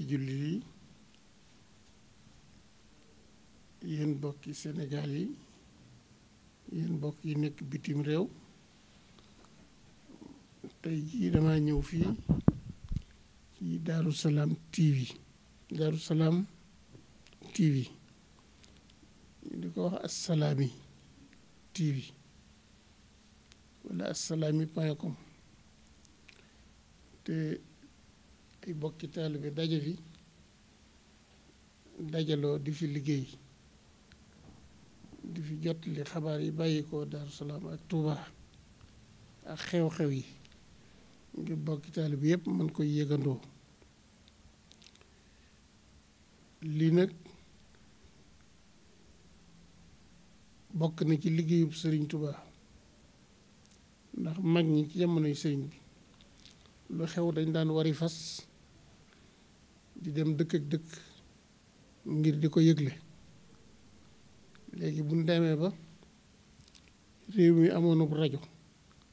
bokki jullit yi yéen bokki Sénégal yi yéen bokk yi nekk bitim réew tey jii dama ñëw fii ci Daaru Salaam TV Daaru Salaam TV di ko wax Assalaamy TV wala assalaamy point com ay bokki taalibe bi daje fi dajaloo di fi liggéey di fi jot li xabaar yi bàyyi ko Daaru ak Touba ak xew-xew yi ngir bokki taalibe bi yëpp mën koy yëgandoo lii nag bokk na ci liggéeyub sëriñ Touba ndax mag ñi ci jamonoy sëriñ bi lu xew dañ daan wari fas di dem dëkk ak dëkk ngir di ko yëgle léegi bu ñu demee ba réew mi amoon ab rajo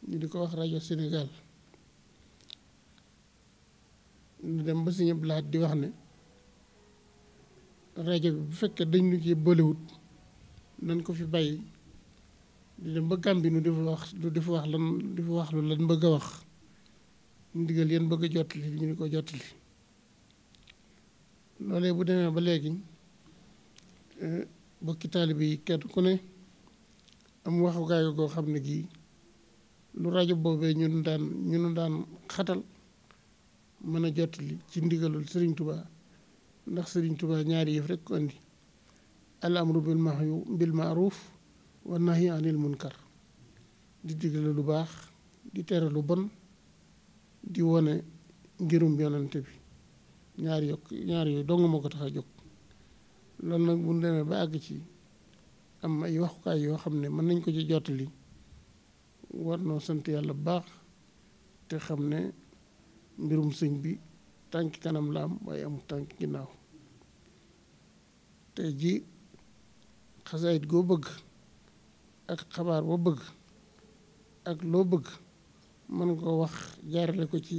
ñu di ko wax rajo senegal ñu dem ba Sëñ Abdou Lahad di wax ne rajo bi bu fekkee dañ ñu ci bëlewut nañ ko fi bàyyi di dem ba Gàmbi nu di fa wax lu di fa wax lan di fa wax lu lan bëgg a wax ndigal yéen bëgg a jottali ñu di ko jottali loolee bu demee ba léegi eh, bokki taalibe yi kenn ku ne am waxukaay goo xam ne gii lu rajo boobee ñu nu daan xatal mën a jottali ci ndigalul Serigne Touba ndax sëriñ Touba ñaari yëf rek ko andi al amru bil mahyu bil maaruf wa nahyi anil munkar di digale lu baax di tere lu bon di wone ngirum yonante bi ñaar yokk ñaar yooyu dong ko tax a jóg loolu nag bu ñu ba àgg ci am ay waxukaay yoo xam ne mën nañ ko ci jottali war noo sant yàlla bu baax te xam ne mbirum sëñ bi tànki kanam la am waaye amul tànki ginnaaw te ji xasaayit goo bëgg ak xabaar boo bëgg ak loo bëgg mën ko wax jaarale ko ci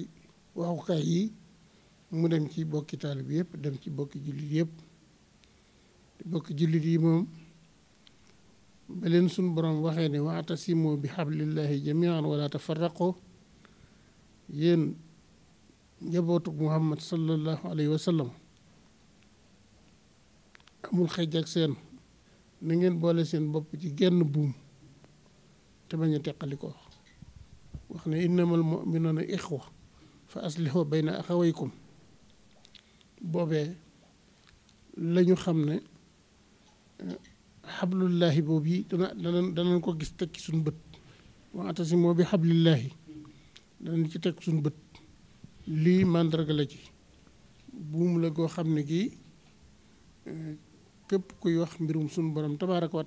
waxukaay yi mu dem ci bokki taalib yëpp dem ci bokki jullit yëpp bokki jullit yi moom ba leen suñ borom waxee ne simoo bi xablillahi jamian wala tafarraqo yéen njabootuk muhammad sallallahu alayhi wa sallam amul xëj ak seen na ngeen boole seen bopp ci genn buum te bañ a teqali wax ne innamal muminuuna ixwa fa aslihu bayna axawaykum boobee lañu xam ne eh, xablullaahi boobu yi dana danañ danañ ko gis teg ci suñu bët wa atasimoo bi xablillaahi danañ ci teg suñ bët lii màndarga la ci buum la koo xam ne gi eh, képp kuy wax mbirum suñu borom tabaaraka wa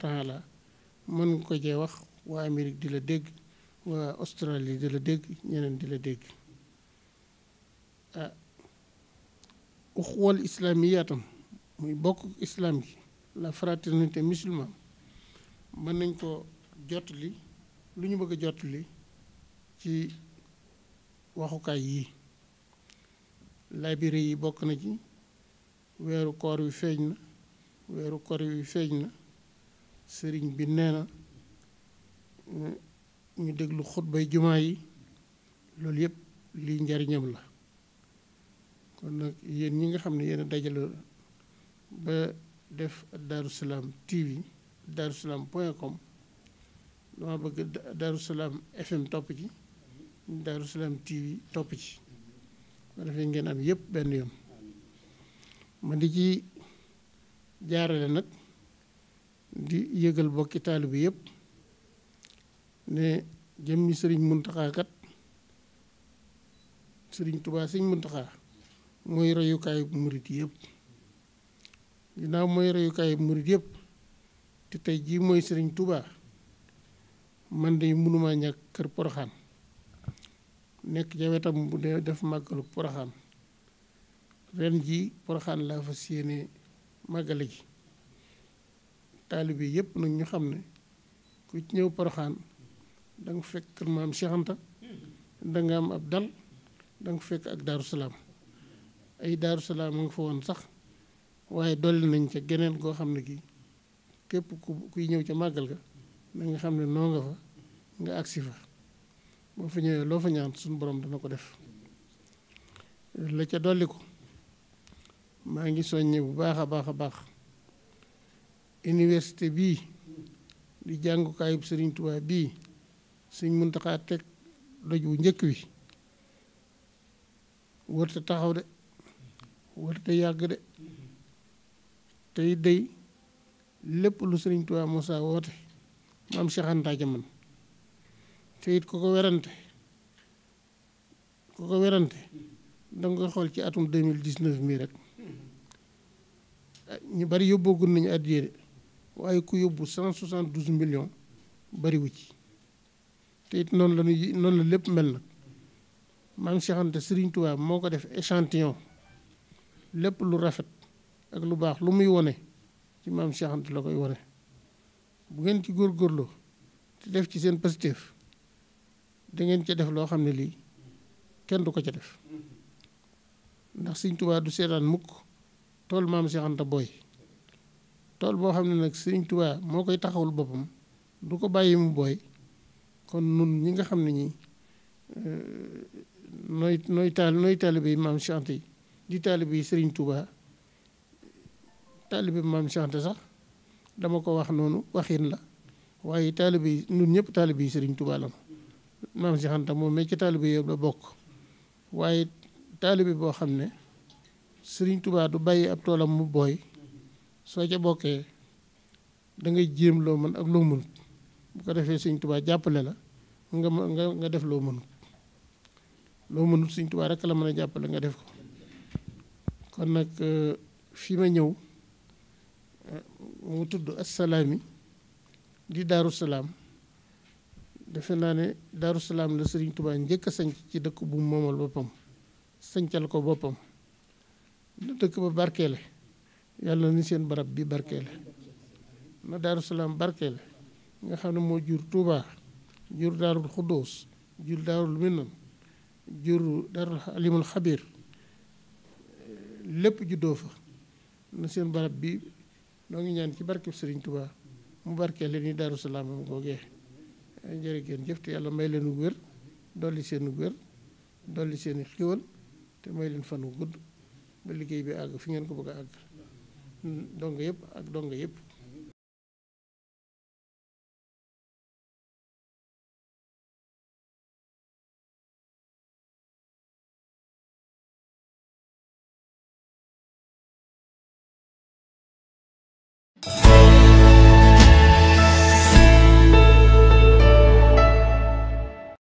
mën nga ko cee wax waa Amérique di la dégg waa Australie di la dégg ñeneen di la dégg ah, islaam uxuwal islaamiyatam muy bokk islaam gi la fraternité musulmane mën nañ ko jotli lu ñu bëgg a jotli ci waxukaay yi labiré yi bokk na ci weeru koor wi feeñ na weeru koor wi feeñ na sëriñ bi nee na eh, ñu déglu xutbay jumaa yi loolu yëpp liy njariñam la kon nag yéen ñi nga xam ne yéen a dajaloo ba def Darou Salam TV Darou Salam point com dama bëgg Darou FM topp ji Darou Salam TV topp ci ma defee ngeen am yëpp benn yoon ma di ci jaarale nag di yëgal bokki taalibe yëpp ne jëmmi sëriñ Muntaxa sëriñ Tubaa sëriñ Muntaxa mooy royukaay murit yëpp dinaa mooy royukaay murit yëpp te tey jii mooy sëriñ Touba man de mënuma ñàkk kër poroxaan nekk ca wetam bu dee def màggalu poroxaan ren ji poroxaan laa fa yéene màggale ji taalibe yëpp nag ñu xam ne ku ñëw poroxaan da nga fekk kër maam Cheikh Anta da am ab dal da fekk ak Daaru ay daaru salaam mu ngi fa woon sax waaye dolli nañ ca geneen goo xam ne gi képp ku kuy ñëw ca màggal ga na nga xam ne noo nga fa nga agsi fa boo fa ñëwee loo fa ñaan suñ boroom dana ko def la ca dolli ko maa ngi soññe bu baax a baax a baax université bii di jàngukaayub Sëriñ Tuubaa bii Sëriñ Muntaxaa teg doj wu njëkk wi wërta taxaw de warta yàgg de tey day lépp lu sëriñ Tuubaa Musaa woote maam Cheikh Anta man te it ku ko werante ku ko werante danga koy xool ci atum 2019 mii rek ah, ñu bari yóbboogun nañu àddiyee de waaye ku yóbbu 172 millions bariwu ci te it noonu la ñuy noonu la lépp mel nag maam Cheikh Anta moo ko def échantillon lépp lu rafet ak lu baax lu muy wone ci maam Cheikh la koy wone bu ngeen ci góor góorgóorloo te def ci seen positif da ngeen ca def loo xam ne lii kenn du ko ca def ndax Sëñ Tuubaa du seetaan mukk tool maam Cheikh Anta booy tool boo xam ne nag Sëñ Tuubaa moo koy taxawul boppam du ko bàyyi mu booy kon nun ñi nga xam ne ñi euh, nooy nooy taal nooy taalibe maam Cheikh yi di taalibe yi Serigne Touba taalibe maam Cheikh sax dama ko wax noonu waxin la waaye taalibe yi ñun ñëpp taalibe yi Serigne Touba la maam Cheikh Anta moom mais ci taalibe yëpp la bokk waaye taalibe boo xam ne sëriñ tubaa du bàyyi ab toolam mu booy soo ca bokkee dangay ngay jéem loo mën ak loo mënut bu ko defee Serigne Touba jàppale la nga nga nga def loo mënut loo mënut Serigne Touba rek la mën a jàppale nga def ko. kon nag euh, fi ma ñëw euh, mu tudd assalaami di daaru salaam defe naa ne daaru salaam la sëriñ tubaa njëkk a sanc ci dëkk bu moomal boppam sancal ko boppam na dëkk ba barkeele yàlla ni seen barab bi barkeele na daaru salaam barkeele nga xam ne moo jur tuubaa jur daarul xuddoos jur daarul minan jur daarul alimul xabir lépp juddoo fa na seen barab bi noo ngi ñaan ci barkeb Sëriñ Tuubaa mu barkeel leen ni Daaru Salaam am googee jërë ngeen jëf te yàlla may leen wu wér dolli seen wér dolli seen xiwal te may leen fanu wu gudd ba liggéey bi àgg fi ngeen ko bëgg a àgg donga yëpp ak donga yëpp